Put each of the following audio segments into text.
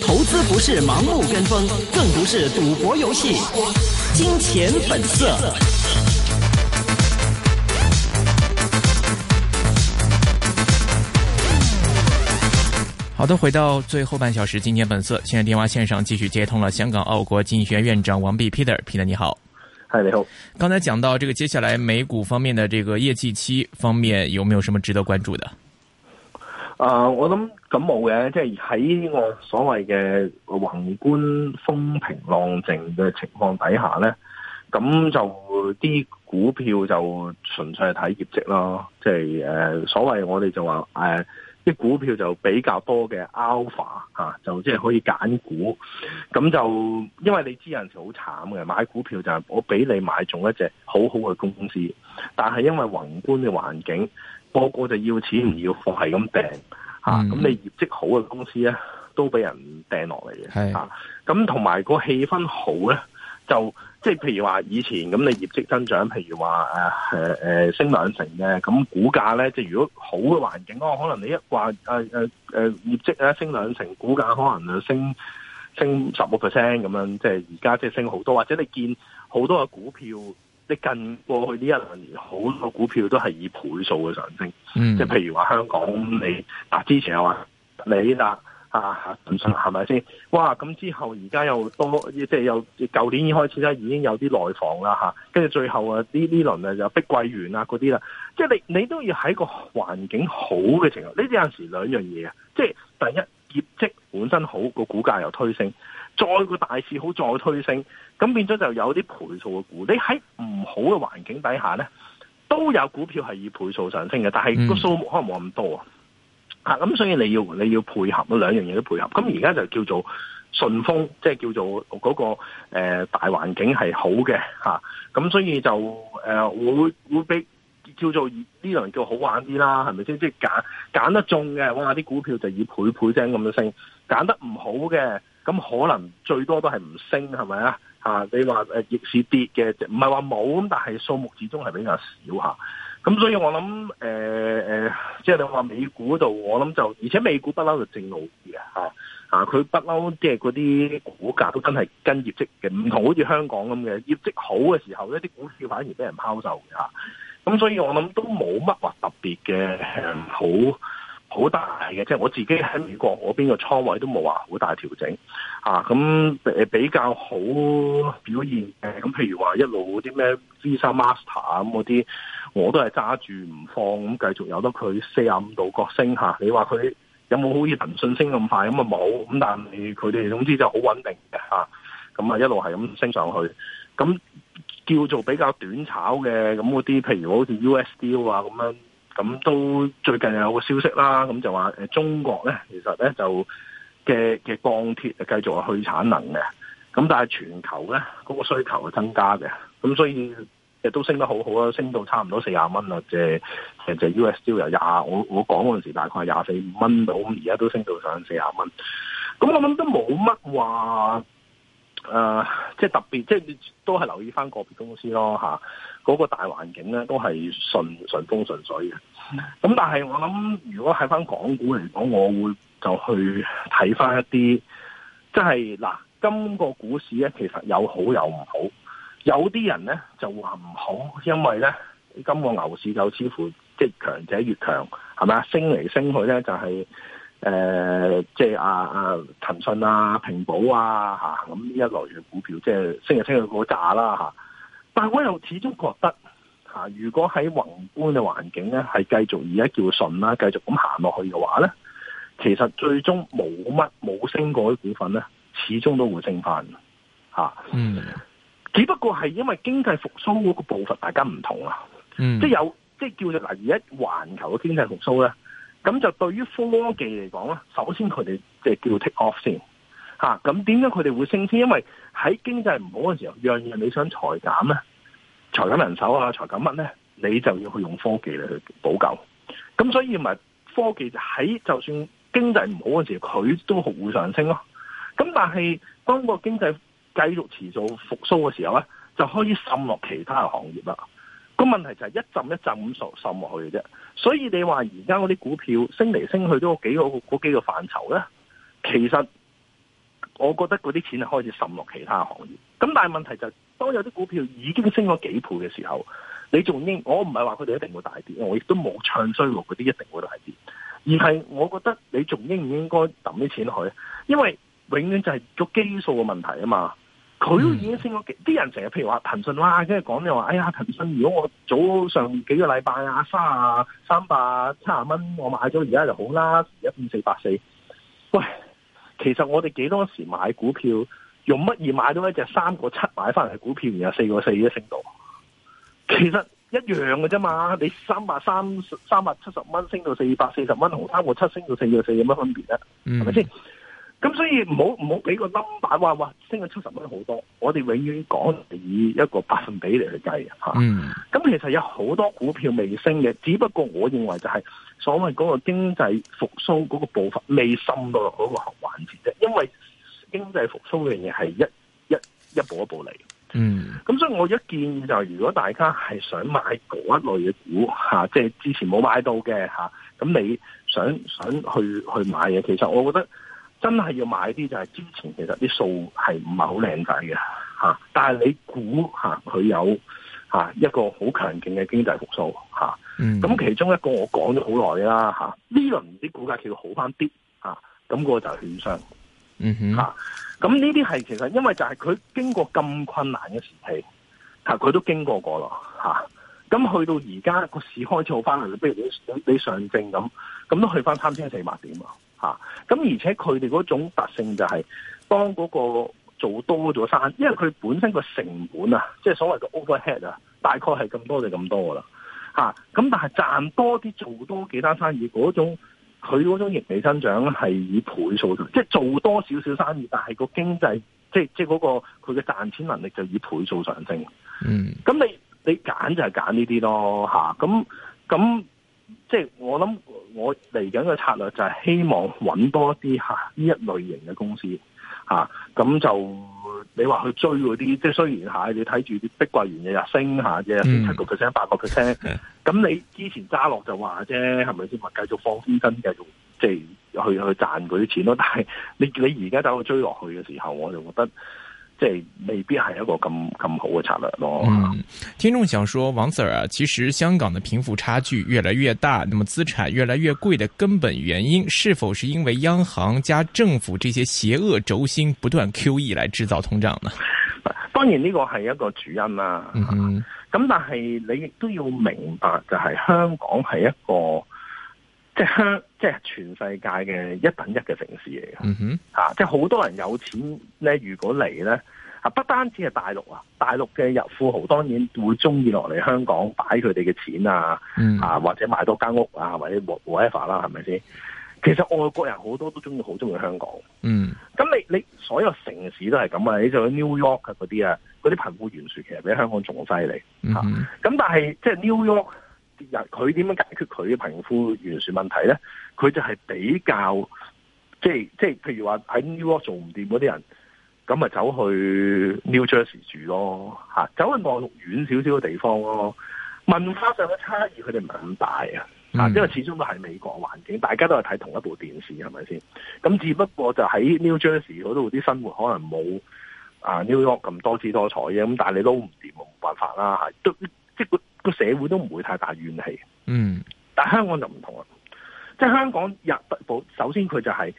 投資不是盲目跟風，更不是賭博遊戲。金錢本色。好的，回到最後半小時，金錢本色。現在電話線上繼續接通了香港奧國經濟學院,院長王弼 Peter，Peter Peter, 你好，嗨，你好。剛才講到這個，接下來美股方面的這個業績期方面，有沒有什麼值得關注的？啊、呃，我諗咁冇嘅，即係喺呢個所謂嘅宏觀風平浪靜嘅情況底下呢，咁就啲股票就純粹係睇業績咯，即係誒，所謂我哋就話誒，啲、呃、股票就比較多嘅 alpha 吓、啊，就即係可以揀股，咁就因為你知有時好慘嘅，買股票就係我俾你買中一隻好好嘅公司，但係因為宏觀嘅環境。個個就要錢唔要貨，係咁掟嚇，咁你業績好嘅公司咧都俾人掟落嚟嘅嚇。咁同埋個氣氛好咧，就即係譬如話以前咁，你業績增長，譬如話誒誒升兩成嘅，咁股價咧，即如果好嘅環境，可能你一話誒誒誒業績升兩成，股價可能就升升十五 percent 咁樣。即係而家即係升好多，或者你見好多嘅股票，你近過去呢一兩年好多股票都係以倍數嘅上升，即、嗯、係譬如話香港，你嗱之前又話你啦啊，騰訊係咪先？哇！咁之後而家又多，即係又舊年已經開始啦，已經有啲內房啦吓，跟住最後啊，呢呢輪啊就碧桂園啊嗰啲啦，即係你你都要喺個環境好嘅情況，呢啲有時兩樣嘢啊，即係第一業績本身好，個股價又推升。再個大市好再推升，咁變咗就有啲倍數嘅股。你喺唔好嘅環境底下咧，都有股票係以倍數上升嘅，但係個數目可能冇咁多啊。咁所以你要你要配合兩樣嘢都配合。咁而家就叫做順風，即係叫做嗰個誒大環境係好嘅吓。咁所以就誒會會俾叫做呢輪叫好玩啲啦，係咪先？即係揀揀得中嘅，哇！啲股票就以倍倍聲咁樣升；揀得唔好嘅。咁可能最多都係唔升，係咪啊？你話誒逆市跌嘅，唔係話冇咁，但係數目始終係比較少吓。咁所以我諗，誒、呃、誒，即係你話美股度，我諗就，而且美股不嬲就正路嘅。吓啊，佢不嬲即係嗰啲股價都真係跟業績嘅，唔同好似香港咁嘅，業績好嘅時候咧，啲股票反而俾人拋售嘅吓。咁所以我諗都冇乜話特別嘅好。好大嘅，即係我自己喺美國嗰邊個倉位都冇話好大調整咁、啊、比較好表現咁，譬如話一路啲咩 Visa Master 咁嗰啲，我都係揸住唔放，咁繼續有得佢四十五度角升、啊、你話佢有冇好似騰訊升咁快？咁啊冇咁，但係佢哋總之就好穩定嘅咁啊，一路係咁升上去。咁叫做比較短炒嘅咁嗰啲，譬如好似 USD 啊咁樣。咁都最近有個消息啦，咁就話誒，中國咧，其實咧就嘅嘅鋼鐵繼續係去產能嘅，咁但係全球咧嗰個需求係增加嘅，咁所以都升得好好啦，升到差唔多四十蚊啦，即係誒就 U S D 由廿我我講嗰陣時大概廿四五蚊到，咁而家都升到上四十蚊，咁我諗都冇乜話誒，即係特別，即係都係留意翻個別公司咯吓。嗰、那個大環境咧，都係順順風順水嘅。咁、嗯、但係我諗，如果係翻港股嚟講，我會就去睇翻一啲，即係嗱，今個股市咧其實有好有唔好。有啲人咧就話唔好，因為咧今個牛市就似乎即強者越強，係咪、就是呃、啊？升嚟升去咧就係誒，即係啊啊騰訊啊、平保啊咁呢、啊啊、一類嘅股票即係升嚟升去嗰扎啦、啊但我又始終覺得，吓、啊、如果喺宏觀嘅環境咧，係繼續而家叫順啦，繼續咁行落去嘅話咧，其實最終冇乜冇升過啲股份咧，始終都會升翻吓、啊。嗯。只不過係因為經濟復甦嗰個步伐大家唔同啊。嗯、即係有，即係叫做嗱，而家環球嘅經濟復甦咧，咁就對於科技嚟講咧，首先佢哋即係叫 take off 先。啊，咁點解佢哋會升先？因為喺經濟唔好嘅時候，樣樣你想裁減咧，裁減人手啊，裁減乜咧，你就要去用科技嚟去補救。咁所以咪科技喺就算經濟唔好嘅時候，佢都會上升咯、啊。咁但係當個經濟繼續持續復甦嘅時候咧，就可以滲落其他行業啦。個問題就係一浸一浸咁滲落去嘅啫。所以你話而家嗰啲股票升嚟升去都幾個嗰幾個範疇咧，其實。我覺得嗰啲錢係開始滲落其他行業，咁但係問題就係當有啲股票已經升咗幾倍嘅時候，你仲應我唔係話佢哋一定會大跌，我亦都冇唱衰喎，嗰啲一定會大跌，而係我覺得你仲應唔應該抌啲錢去，因為永遠就係個基數嘅問題啊嘛，佢都已經升咗幾，啲人成日譬如話騰訊哇，跟住講你話，哎呀騰訊如果我早上幾個禮拜廿三啊、三百七十蚊我買咗，而家就好啦，一五四八四，喂。其實我哋幾多時買股票，用乜嘢買到一隻三個七買翻嚟股票，然後四個四一升到，其實一樣嘅啫嘛。你三百三三百七十蚊升到四百四十蚊，同三個七升到四個四有乜分別咧？係咪先？咁所以唔好唔好俾個 number 話話升咗七十蚊好多。我哋永遠講以一個百分比嚟去計吓。咁、啊嗯、其實有好多股票未升嘅，只不過我認為就係、是。所謂嗰個經濟復甦嗰個步伐未滲到嗰個環節啫，因為經濟復甦嘅嘢係一一一步一步嚟。嗯，咁所以我一建議就係，如果大家係想買嗰一類嘅股吓，即、啊、係、就是、之前冇買到嘅吓，咁、啊、你想想去去買嘅，其實我覺得真係要買啲就係之前其實啲數係唔係好靚仔嘅吓，但係你估吓佢有。吓一個好強勁嘅經濟復蘇吓，咁、嗯、其中一個我講咗好耐啦吓，呢輪啲股價其實好翻啲吓，咁個就係券商，嗯哼吓，咁呢啲係其實因為就係佢經過咁困難嘅時期，吓佢都經過過咯吓，咁、啊、去到而家個市開始好翻嚟，譬如你上證咁，咁都去翻三千四百點啊吓，咁而且佢哋嗰種特性就係、是、當嗰、那個。做多咗生意，因為佢本身個成本啊，即係所謂嘅 overhead 啊，大概係咁多就咁多噶啦，吓咁但係賺多啲做多幾單生意，嗰種佢嗰種盈利增長係以倍數上，即係做多少少生意，但係個經濟即係即係嗰個佢嘅賺錢能力就以倍數上升。嗯你，咁你你揀就係揀呢啲咯，吓咁咁即係我諗我嚟緊嘅策略就係希望揾多啲吓呢一類型嘅公司。啊，咁就你話去追嗰啲，即係雖然吓、啊，你睇住啲碧桂園日日升下啫，係七個 percent 八個 percent、咁你之前揸落就話啫，係咪先？咪繼續放資金，繼續即係去去，去賺佢啲錢咯。但係你你而家走去追落去嘅時候，我就覺得。即係未必係一個咁咁好嘅策略咯。嗯，聽眾想說，王 Sir 啊,其實香港嘅貧富差距越來越大，那麼資產越來越貴嘅根本原因，是否是因為央行加政府這些邪惡軸心不斷 QE 來製造通脹呢？當然呢個係一個主因啦，啊。咁，嗯，但係你亦都要明白，就係香港係一個。即係即係全世界嘅一等一嘅城市嚟嘅。吓，即係好多人有錢咧。如果嚟咧，啊不單止係大陸啊，大陸嘅入富豪當然會中意落嚟香港擺佢哋嘅錢啊，啊、mm -hmm. 或者買多間屋啊，或者 whatever 啦，係咪先？其實外國人好多都中意好中意香港。嗯、mm -hmm.，咁你你所有城市都係咁啊，你就算 New York 啊嗰啲啊，嗰啲貧富懸殊其實比香港仲犀利。嗯、mm -hmm. 啊，咁但係即係 New York。就是佢點樣解決佢嘅貧富懸殊問題咧？佢就係比較即係即係，譬如話喺 New York 做唔掂嗰啲人，咁咪走去 New Jersey 住咯嚇，走去望遠少少嘅地方咯。文化上嘅差異佢哋唔係咁大啊、嗯，因為始終都係美國環境，大家都係睇同一部電視，係咪先？咁只不過就喺 New Jersey 嗰度啲生活可能冇啊 New York 咁多姿多彩啫。咁但係你撈唔掂，冇辦法啦嚇，都即個社會都唔會太大怨氣，嗯，但香港就唔同啦，即係香港入不保，首先佢就係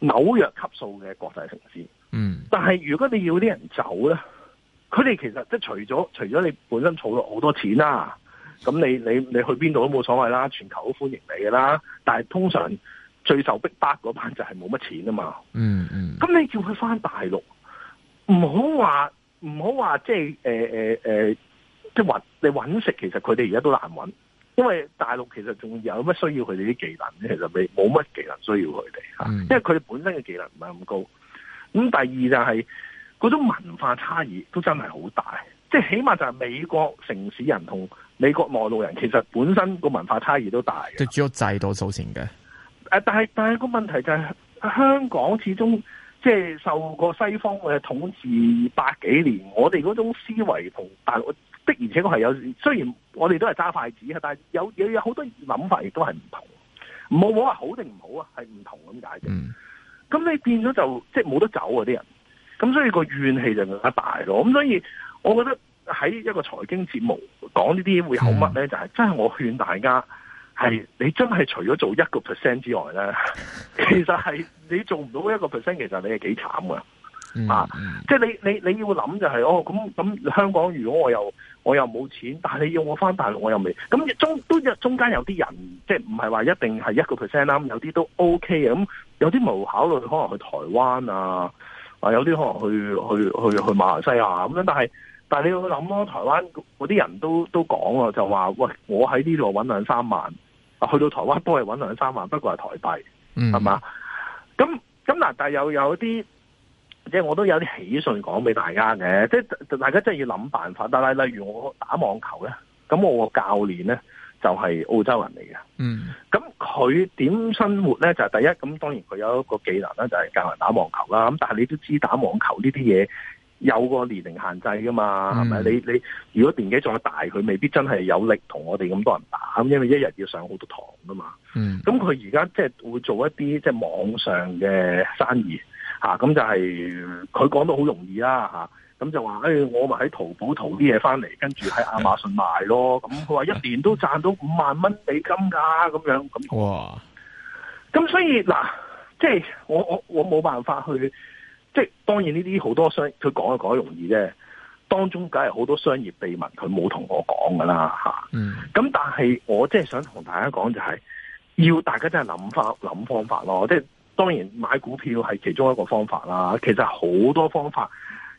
紐約級數嘅國際城市，嗯，但係如果你要啲人走咧，佢哋其實即係除咗除咗你本身儲咗好多錢啦，咁你你你去邊度都冇所謂啦，全球都歡迎你噶啦，但係通常最受逼迫嗰班就係冇乜錢啊嘛，嗯嗯，咁你叫佢翻大陸，唔好話唔好話即係誒誒誒。即係搵，你搵食其實佢哋而家都難搵，因為大陸其實仲有乜需要佢哋啲技能咧？其實你冇乜技能需要佢哋吓，因為佢哋本身嘅技能唔係咁高。咁第二就係、是、嗰種文化差異都真係好大，即係起碼就係美國城市人同美國外路人，其實本身個文化差異都大。即係主要制度造成嘅。誒，但係但係個問題就係、是、香港始終即係受過西方嘅統治百幾年，我哋嗰種思維同大陸。的而且確係有，雖然我哋都係揸筷子啊，但係有有有好多諗法，亦都係唔同。冇冇話好定唔好啊，係唔同咁解嘅。咁、嗯、你變咗就即係冇得走嗰啲人，咁所以個怨氣就更加大咯。咁所以，我覺得喺一個財經節目講呢啲會好乜咧？就係、是、真係我勸大家係、嗯、你真係除咗做一個 percent 之外咧， 其實係你做唔到一個 percent，其實你係幾慘噶。Mm-hmm. 啊！即係你你你要諗就係、是、哦咁咁香港如果我又我又冇錢，但係你要我返大陸我又未咁中都中間有啲人即係唔係話一定係一個 percent 啦，有啲都 OK 嘅咁，有啲冇考慮可能去台灣啊，啊有啲可能去去去去馬來西亞咁樣，但係但係你要諗咯，台灣嗰啲人都都講啊，就話喂，我喺呢度搵兩三萬，去到台灣都係搵兩三萬，不過係台幣，係嘛？Mm-hmm. 咁咁嗱，但係又有啲。有即係我都有啲喜訊講俾大家嘅，即係大家真係要諗辦法。但係例如我打網球咧，咁我個教練咧就係澳洲人嚟嘅。嗯，咁佢點生活咧就係、是、第一，咁當然佢有一個技能呢，就係、是、教人打網球啦。咁但係你都知打網球呢啲嘢有個年齡限制噶嘛，係、嗯、咪？你你如果年紀再大，佢未必真係有力同我哋咁多人打，因為一日要上好多堂㗎嘛。咁佢而家即係會做一啲即係網上嘅生意。吓、啊、咁就係佢講到好容易啦、啊、吓，咁、啊、就話誒、哎、我咪喺淘寶淘啲嘢翻嚟，跟住喺亞馬遜賣咯，咁佢話一年都賺到五萬蚊美金噶咁樣咁。哇、啊！咁所以嗱、啊，即係我我我冇辦法去，即係當然呢啲好多商，佢講一講容易啫，當中梗係好多商業秘密，佢冇同我講噶啦吓。咁、啊嗯啊、但係我即係想同大家講就係、是，要大家真係諗法諗方法咯，即係。當然買股票係其中一個方法啦，其實好多方法，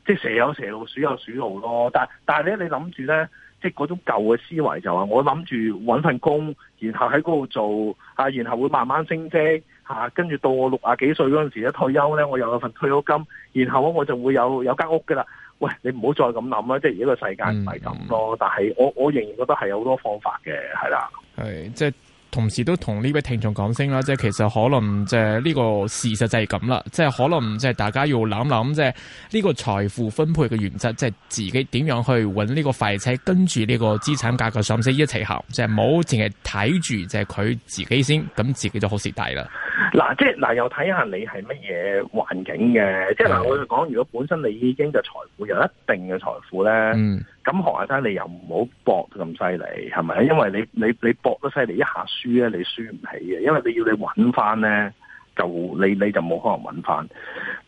即係蛇有蛇路，鼠有鼠路咯。但但係咧，你諗住咧，即係嗰種舊嘅思維就話，我諗住揾份工，然後喺嗰度做，啊，然後會慢慢升職，嚇、啊，跟住到我六啊幾歲嗰陣時一退休咧，我又有份退休金，然後我就會有有間屋㗎啦。喂，你唔好再咁諗啦，即係而家個世界唔係咁咯。但係我我仍然覺得係有好多方法嘅，係啦，係即。同時都同呢位聽眾講聲啦，即係其實可能即係呢個事實就係咁啦，即係可能即係大家要諗諗，即係呢個財富分配嘅原則，即係自己點樣去搵呢個快車，跟住呢個資產價格上升一齊行，即係冇淨係睇住即係佢自己先，咁自己就好蝕底啦。嗱，即係嗱，又睇下你係乜嘢環境嘅，即係嗱，我哋講如果本身你已經就財富有一定嘅財富咧。嗯咁何生，你又唔好搏咁犀利，係咪？因為你你你搏得犀利，一下輸咧，你輸唔起嘅。因為你要你搵翻咧，就你你就冇可能搵翻。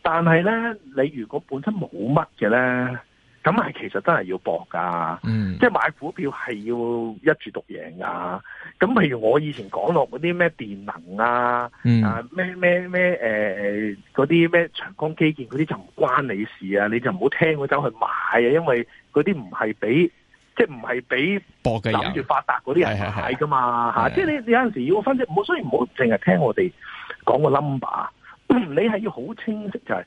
但係咧，你如果本身冇乜嘅咧。咁係其實真係要搏噶、嗯，即係買股票係要一注獨贏㗎。咁譬如我以前講落嗰啲咩電能啊，嗯、啊咩咩咩誒嗰啲咩長江基建嗰啲就唔關你事啊，你就唔好聽我走去買啊，因為嗰啲唔係俾即係唔係俾搏嘅諗住發達嗰啲人買噶嘛，是是是是是，即係你有陣時要分析唔好，所以唔好淨係聽我哋講個 number，你係要好清晰就係、是。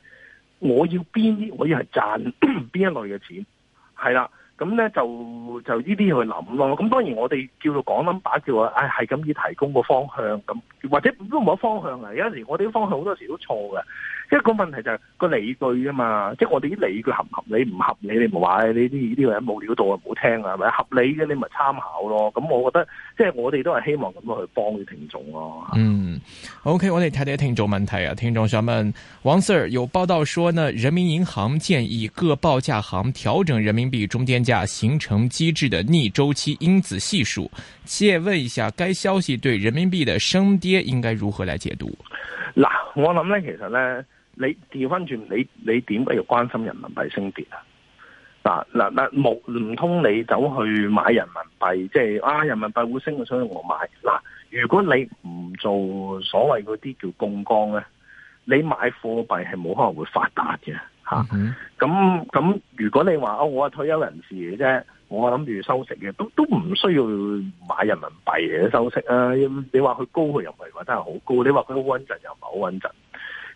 我要邊啲？我要係賺邊一類嘅錢？係啦，咁咧就就呢啲去諗咯。咁當然我哋叫做講諗把，叫話唉係咁要提供個方向咁，或者都冇方向啊！有陣時我哋啲方向好多時都錯嘅。即係個問題就係個理據啊嘛，即係我哋啲理據合唔合理唔合理，你唔好話呢啲呢個人冇料到啊，唔好聽啊，係咪合理嘅你咪參考咯。咁、嗯、我覺得即係我哋都係希望咁樣去幫啲聽眾咯。嗯，OK，我哋睇睇聽眾問題啊。聽眾想問王 Sir，有報道說呢，人民銀行建議各報價行調整人民幣中間價形成機制嘅逆周期因子係數。借問一下，該消息對人民幣嘅升跌應該如何來解讀？嗱，我諗咧，其實咧。你調翻轉，你，你點解要關心人民幣升跌啊？嗱嗱嗱，冇唔通你走去買人民幣，即係啊，人民幣會升，所以我買。嗱、啊，如果你唔做所謂嗰啲叫槓桿咧，你買貨幣係冇可能會發達嘅吓。咁、啊、咁，mm-hmm. 如果你話哦，我係退休人士嘅啫，我諗住收息嘅，都都唔需要買人民幣嘅收息啊。你話佢高，佢又唔係話真係好高；你話佢好穩陣，又唔係好穩陣。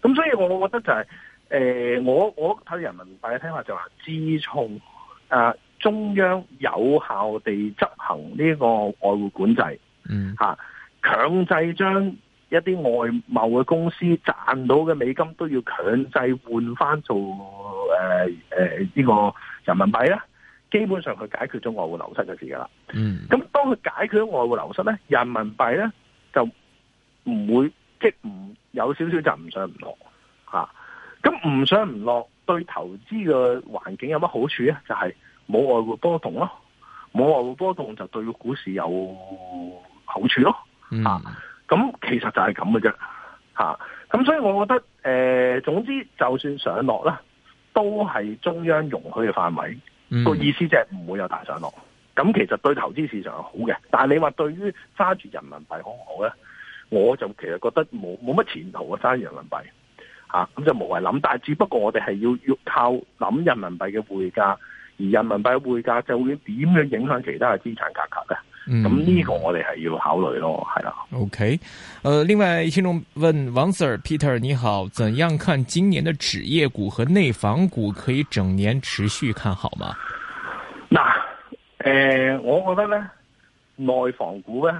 咁所以我覺得就係、是，誒、呃、我我睇人民幣嘅睇法就話，自從啊中央有效地執行呢個外匯管制，嗯、啊、強制將一啲外貿嘅公司賺到嘅美金都要強制換返做誒誒呢個人民幣咧，基本上佢解決咗外匯流失嘅事㗎喇。嗯，咁當佢解決咗外匯流失咧，人民幣咧就唔會。即係唔有少少就唔上唔落。吓，咁唔上唔落對投資嘅環境有乜好處咧？就係、是、冇外匯波動咯，冇外匯波動就對股市有好處咯，咁、啊、其實就係咁嘅啫，吓、啊、咁所以我覺得誒、呃，總之就算上落啦，都係中央容許嘅範圍，嗯，那個意思即係唔會有大上落，咁其實對投資市場係好嘅，但係你話對於揸住人民幣好唔好咧？我就其實覺得冇冇乜前途啊，揸人民幣啊，咁就無謂諗。但係只不過我哋係要要靠諗人民幣嘅匯價，而人民幣嘅匯價就會點樣影響其他嘅資產價格嘅。咁呢個我哋係要考慮咯，係、嗯、啦。OK，誒、呃，另外聽眾問王 Sir Peter 你好，怎樣看今年的紙業股和內房股可以整年持續看好嗎？嗱，誒、呃，我覺得咧，內房股咧。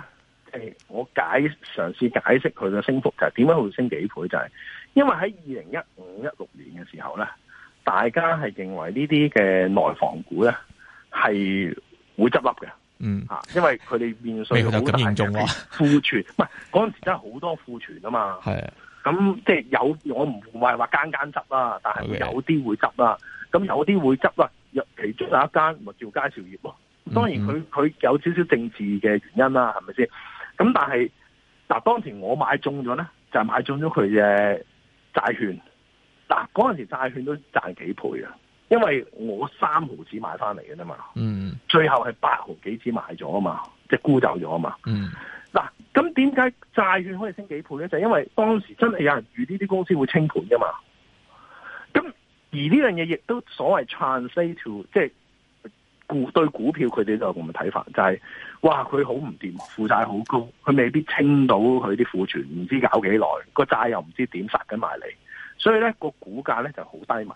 哎、我解嘗試解釋佢嘅升幅就係點解會升幾倍，就是？就係因為喺二零一五一六年嘅時候咧，大家係認為呢啲嘅內房股咧係會執笠嘅，嗯，因為佢哋面稅好嚴重啊，庫存唔係嗰陣時真係好多庫存啊嘛，係啊，咁即係有我唔係話間間執啦，但係有啲會執啦，咁有啲會執啦，入其中有一間咪叫佳兆業咯，當然佢佢、嗯、有少少政治嘅原因啦，係咪先？咁但係嗱，當時我買中咗咧，就係買中咗佢嘅債券。嗱，嗰陣時債券都賺幾倍啊，因為我三毫紙買翻嚟嘅啫嘛。嗯，最後係八毫幾紙買咗啊嘛，即係沽走咗啊嘛。嗯，嗱，咁點解債券可以升幾倍咧？就係因為當時真係有人預呢啲公司會清盤噶嘛。咁而呢樣嘢亦都所謂 transit to，即係股對股票，佢哋就咁嘅睇法，就係、是、哇，佢好唔掂，負債好高，佢未必清到佢啲庫存，唔知搞幾耐個債又唔知點殺緊埋嚟，所以咧個股價咧就好低迷。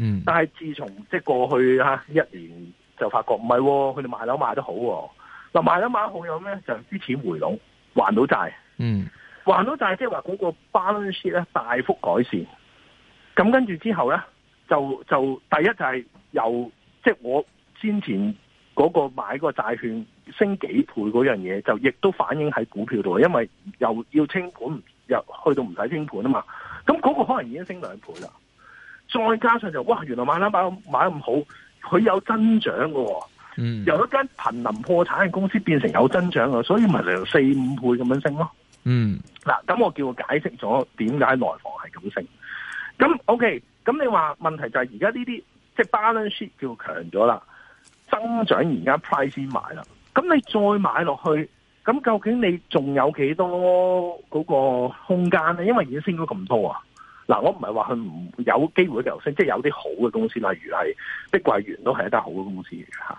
嗯但是，但係自從即係過去吓、啊、一年就發覺唔係，佢哋、哦、賣樓賣得好嗱、哦，賣樓賣得好有咩？就啲錢回籠，還到債，嗯，還到債即係話嗰個 balance sheet 咧大幅改善。咁跟住之後咧，就就第一就係由即係我。先前嗰個買個債券升幾倍嗰樣嘢，就亦都反映喺股票度，因為又要清盤，又去到唔使清盤啊嘛。咁嗰個可能已經升兩倍啦，再加上就哇，原來買啦買咁買咁好，佢有增長喎、哦嗯。由一間瀕臨破產嘅公司變成有增長㗎，所以咪嚟到四五倍咁樣升咯。嗯，嗱、啊，咁我叫佢解釋咗點解內房係咁升。咁 OK，咁你話問題就係而家呢啲即係 balance sheet 叫強咗啦。增長而家 price 先買啦，咁你再買落去，咁究竟你仲有幾多嗰個空間咧？因為已經升咗咁多啊！嗱，我唔係話佢唔有機會就升，即係有啲好嘅公司，例如係碧桂園都係一間好嘅公司嘅吓。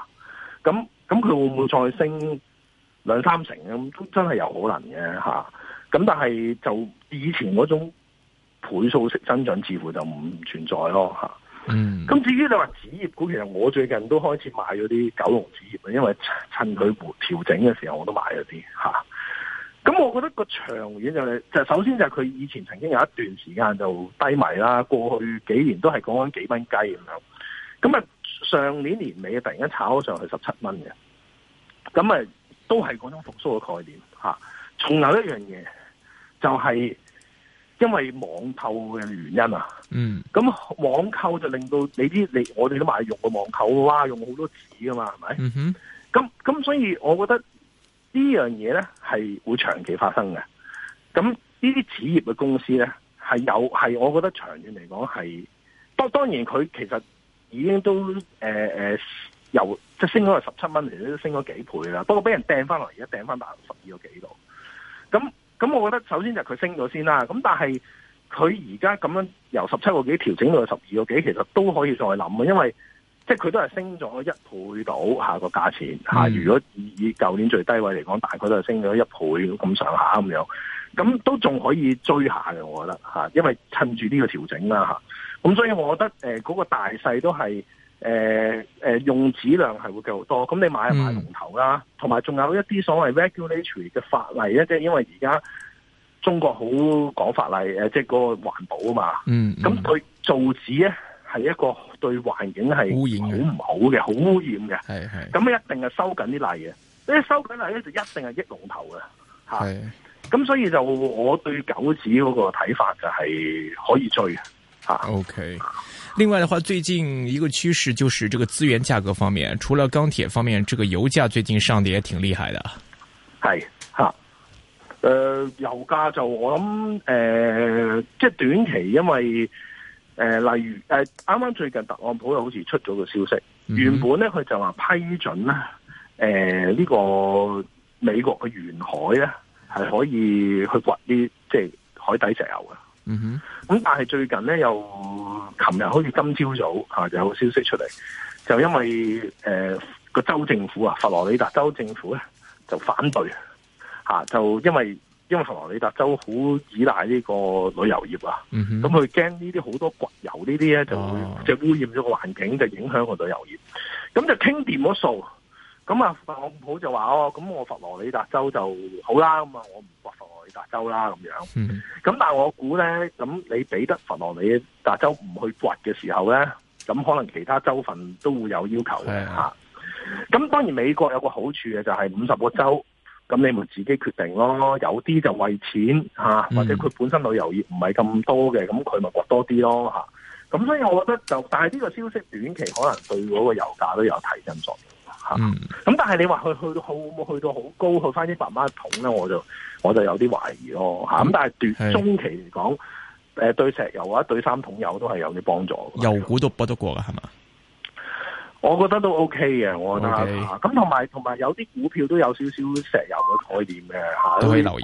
咁咁佢會唔會再升兩三成咁？真係有可能嘅吓。咁但係就以前嗰種倍數式增長，似乎就唔存在咯吓。嗯，咁至於你話紙業股，其實我最近都開始買咗啲九龍紙業啊，因為趁佢調整嘅時候，我都買咗啲吓。咁我覺得個長遠就係、是，就首先就係佢以前曾經有一段時間就低迷啦，過去幾年都係講緊幾蚊雞咁樣。咁啊，上年年尾突然間炒咗上去十七蚊嘅，咁啊，都係嗰種復蘇嘅概念吓。仲有一樣嘢就係、是。因為網購嘅原因啊，嗯，咁網購就令到你啲你我哋都買用個網購啦，用好多紙㗎嘛，係咪？嗯哼，咁咁所以，我覺得呢樣嘢咧係會長期發生嘅。咁呢啲紙業嘅公司咧係有係，我覺得長遠嚟講係，當當然佢其實已經都誒誒、呃呃、由即係升咗個十七蚊，其實都升咗幾倍啦。不過俾人掟翻落嚟，而家掟翻百十二個幾度，咁。咁我覺得首先就佢升咗先啦，咁但係佢而家咁樣由十七個幾調整到十二個幾，其實都可以再諗啊，因為即係佢都係升咗一倍到下個價錢、嗯、如果以舊年最低位嚟講，大概都係升咗一倍咁上下咁樣，咁都仲可以追下嘅，我覺得因為趁住呢個調整啦嚇。咁、啊、所以我覺得嗰、呃嗰個大勢都係。誒、嗯、誒，用紙量係會夠多，咁你買唔買龍頭啦？同埋仲有一啲所謂 regulatory 嘅法例咧，即係因為而家中國好講法例，誒，即係個環保啊嘛。嗯。咁、嗯、佢造紙咧係一個對環境係污染好唔好嘅，好污染嘅。係係。咁一定係收緊啲例嘅，呢收緊例咧就一定係益龍頭嘅。係。咁、啊、所以就我對玖紙嗰個睇法就係可以追。吓、啊。O K。另外嘅話，最近一個趨勢就是這個資源價格方面，除了鋼鐵方面，這個油價最近上得也挺厲害的。係，好。誒，油價就我諗誒、呃，即係短期，因為誒、呃，例如誒，啱、呃、啱最近特朗普又好似出咗個消息，原本咧佢就話批准咧，誒、呃、呢個美國嘅沿海咧係可以去掘啲即係海底石油嘅。嗯哼，咁但係最近咧，又琴日好似今朝早就、啊、有消息出嚟，就因為誒個、呃、州政府啊，佛羅里達州政府咧就反對，吓、啊、就因為因為佛羅里達州好依賴呢個旅遊業啊，咁佢驚呢啲好多掘油呢啲咧，就會即係污染咗個環境，就影響個旅遊業，咁就傾掂咗數。啊咁啊，我唔好就話哦，咁我佛羅里達州就好啦，咁啊，我唔掘佛羅里達州啦，咁樣。咁、嗯、但係我估咧，咁你俾得佛羅里達州唔去掘嘅時候咧，咁可能其他州份都會有要求咁、啊啊、當然美國有個好處嘅就係五十個州，咁你咪自己決定咯。有啲就為錢嚇、啊嗯，或者佢本身旅遊業唔係咁多嘅，咁佢咪掘多啲咯咁、啊、所以我覺得就，但係呢個消息短期可能對嗰個油價都有提振作用。嗯，咁但係你話佢去，去到好冇去到好高，去返一百蚊一桶咧，我就我就有啲懷疑咯吓。咁、嗯、但係短中期嚟講，誒、呃、對石油啊，對三桶油都係有啲幫助。油股都搏得過噶係嘛？我覺得都 OK 嘅，我覺得吓。咁同埋同埋有啲股票都有少少石油嘅概念嘅吓。都可以留意。